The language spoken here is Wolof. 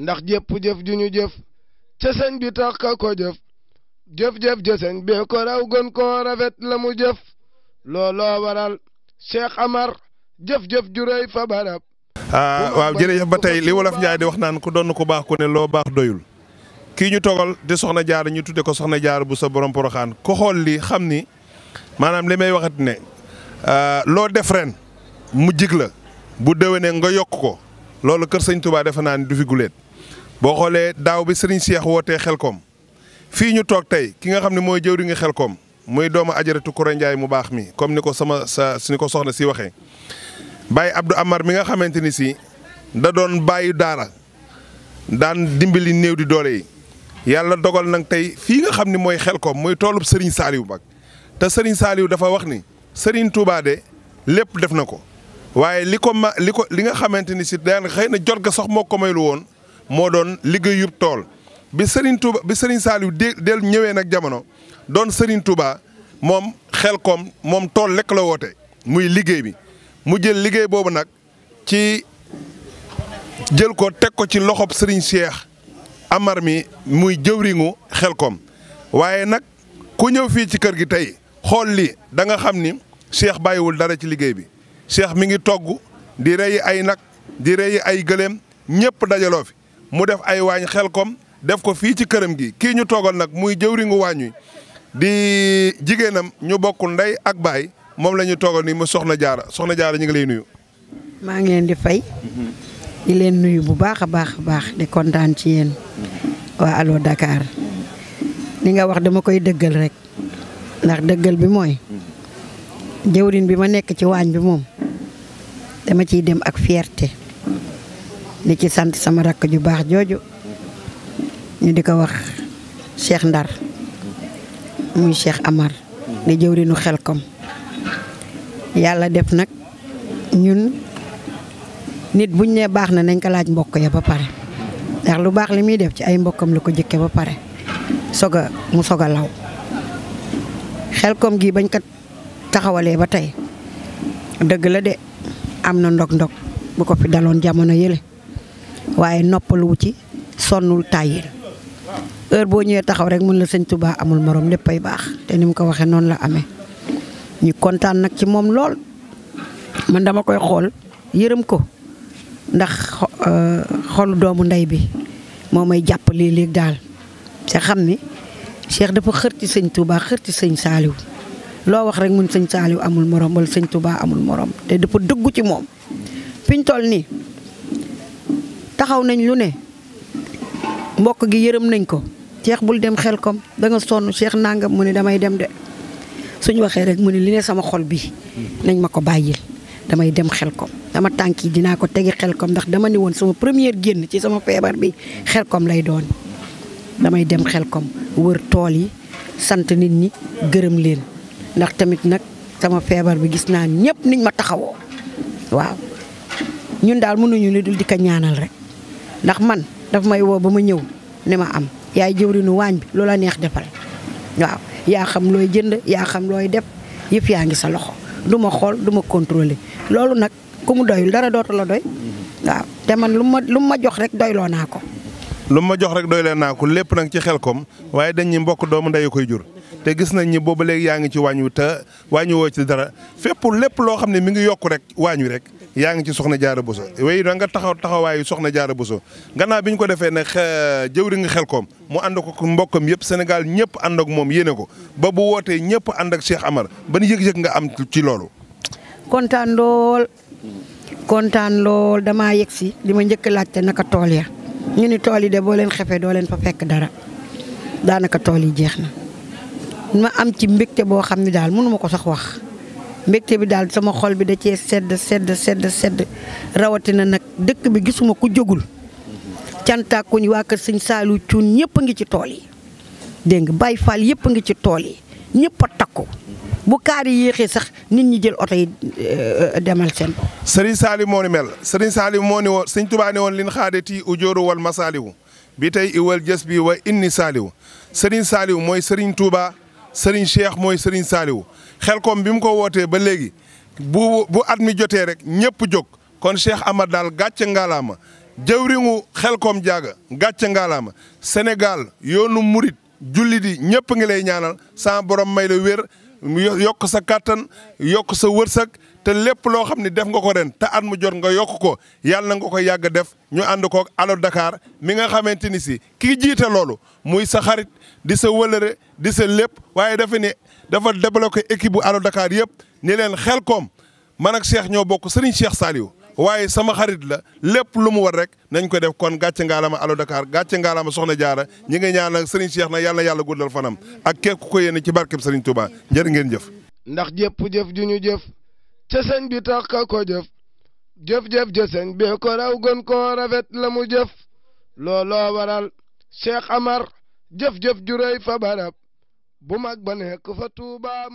ndax jëpp jëf ju ñu jëf ca bi tax ka ko jëf jëf-jëf ja sëñ bee ko raw gën koo rafet la mu jëf looloo waral Cheikh Amar jëf-jëf ju rëy fa barab ah, waaw jërëjëf ba tey li wolof Njaay di wax naan ku doon ku baax ku ne loo baax doyul kii ñu togal di soxna jaar ñu tudde ko soxna jaar bu sa borom poroxaan ko xool li xam ni maanaam li may waxat ne ah, loo def ren mu jig la bu déwénee nga yokk ko loolu kër sëñ Touba defe naa ni du fi guleet boo xoolee daaw bi woo te xel koom fii ñu toog tey ki nga xam ne mooy nga jëwriñu xelkoom muy doomu ajaratu Koura Ndiaye mu baax mi comme ni ko sama sa ni ko soxna si waxee. Baye Abdou Amar mi nga xamante ni si da doon bàyyi daara daan dimbali néew di doole yàlla dogal nag tey fii xam ne mooy xelkoom muy toolub Serigne Saliou Mbacke te Serigne Saliou dafa wax ni Serigne Touba de lépp def na ko waaye li ko ma li ko li nga xamante ni si daan xëy na jot ga sax moo ko maylu woon. moo doon liggéeyub tool bi Serigne Touba bi Serigne Saliou dé del ñëwee nag jamono doon Serigne Touba moom xel koom moom tool lekk la woote muy liggéey bi mu jël liggéey boobu nag ci jël ko teg ko ci loxob Serigne Cheikh Amar mi muy jëwriñu xel koom waaye nag ku ñëw fii ci kër gi tey xool li da nga xam ni Cheikh bàyyiwul dara ci liggéey bi Cheikh mi ngi togg di rey ay nag di rey ay gëléem ñëpp dajaloo fi. mu def ay waañ xelkom def ko fii ci këram gi kii ñu toogal nag muy jëwriñu waañ wi di jigéenam ñu bokk ndey ak baay moom la ñu toogal nii mu soxna jaara soxna jaara ñu ngi lay nuyu. maa ngi leen di fay. di leen nuyu bu baax a baax a baax di kontaan ci yéen. waa Allo dakaar li nga wax dama koy dëggal rek. ndax dëggal bi mooy. jëwriñ bi ma nekk ci waañ bi moom. dama ciy dem ak fierté. di ci sant sama rakk ju baax jooju ñu di ko wax Cheikh Ndar muy Cheikh Amar di xel Xelkom yàlla def nag ñun nit buñ ne baax na nañ ko laaj mbokk ya ba pare ndax lu baax li muy def ci ay mbokkam lu ko jikkee ba pare sog a mu sog a law koom gi bañ ko taxawalee ba tey dëgg la de am na ndog ndog bu ko fi daloon jamono yële waaye noppaluwu ci sonnul tàyyil heure boo ñëwee taxaw rek mën la sëñ Touba amul moroom lépp ay baax te ni mu ko waxee noonu la amee ñu kontaan nag ci moom lool man dama koy xool yërëm ko ndax euh, xolu doomu ndey bi moo may jàpp léeg-léeg daal te xam ni Cheikh dafa xër sëñ Touba xër ci sëñ Saaliw loo wax rek mun sëñ Saaliw amul morom wala sëñ Touba amul moroom te dafa dëggu ci moom fi ñu taxaw nañ lu ne mbokk gi yërëm nañ ko Cheikh bul dem xel koom da sonn Cheikh nàngam mu ne damay dem de suñu waxee rek mu ne li ne sama xol bi nañ ma ko bàyyil damay dem xel kom dama tànk yi dinaa ko tegi xel kom ndax dama ne woon sama première génn ci sama feebar bi xel koom lay doon damay dem xel koom wër tool yi sant nit ñi gërëm leen ndax tamit nag sama feebar bi gis naa ñëpp niñ ma taxawoo waaw ñun daal mënuñu li dul di ko ñaanal rek ndax man daf may woo ba ma ñëw ne ma am yaa yaay jëwrinu waañ bi loola neex defal waaw yaa xam looy jënd yaa xam looy def yëpp yaa ngi sa loxo du ma xool du ma contrôler loolu nag ku mu doyul dara dootu a doy waaw te man lu ma lu ma jox rek doyloo naa ko. lu ma jox rek doy leen naa ko lépp nag ci koom waaye dañ ñi mbokk doomu ndeyu koy jur te gis nañ ñi boobu léegi yaa ngi ci waañ wi te waañ woo ci dara fépp lépp loo xam ne mi ngi yokk rek waañ wi rek yaa ngi ci soxna jaara Bousso wéy da nga taxaw taxawaayu soxna jaara Bousso gannaaw bi ñu ko defee ne jëwri nga koom mu ànd ko mbokkam yëpp senegal ñëpp ànd ak moom yéene ko ba bu wootee ñëpp ànd ak Cheikh Amar ban yëg-yëg nga am ci loolu kontaan lool kontaan lool damaa yëg si li ma njëkk laajte naka tool ya ñu ni tool yi de boo leen xefee doo leen fa fekk dara daanaka tool yi jeex na ma am ci mbégte boo xam ne daal mënu ko sax wax mbégte bi daal sama xol bi da cee sedd sedd sedd sedd rawatina nag dëkk bi gisuma ku jógul cantaakuñ waa kër sëñ Saliou Thioune ñëpp a ngi ci tool yi dégg nga Baye Fall yëpp a ngi ci tool yi ñëpp a takku bu kaar yéexee sax nit ñi jël oto yi euh, euh, demal seen bopp. Serigne moo ni mel Serigne Saliou moo ni woon sëñ Tuubaa ne woon lin xaadati ujooru wal masaaliwu bi tey iwal jës bi wa inni Saliou mooy Serigne Touba Serigne Cheikh mooy Serigne Saliou. xel koom bi mu ko wootee ba léegi bu bu at mi jotee rek ñëpp jóg kon Cheikh Amar daal gàcce ngaalaama xel koom jaaga gàcce ngaalaama Sénégal yoonu murit jullit yi ñëpp ngi lay ñaanal sa borom may la wér yokk sa kàttan yokk sa wërsëg te lépp loo xam def nga ko ren te at mu jot nga yokk ko yàlla nga ko yàgg def ñu ànd koog Dakar mi nga xamante si kii jiite loolu muy sa xarit di sa wëlëre di sa lépp waaye dafa ne dafa débloqué équipe bu Allo Dakar yëpp ni leen xel koom man ak Cheikh ñoo bokk Serigne Cheikh Saliou waaye sama xarit la lépp lu mu war rek nañ ko def kon gàcce ngaalama Allo Dakar gàcce ngaalama Soxna Jaara ñi ngi ñaanal Serigne Cheikh na yàlla yàlla guddal fanam ak képp ku ko yéene ci barkeb Serigne Touba jërë ngeen jëf. ndax jëpp jëf jëf. ca sëñ bi tax ka ko jëf jëf-jëf ja ko raw gën koo rafet la mu jëf looloo waral Cheikh Amar jëf-jëf ju fa barab bu mag ba nekk fa Tuubaa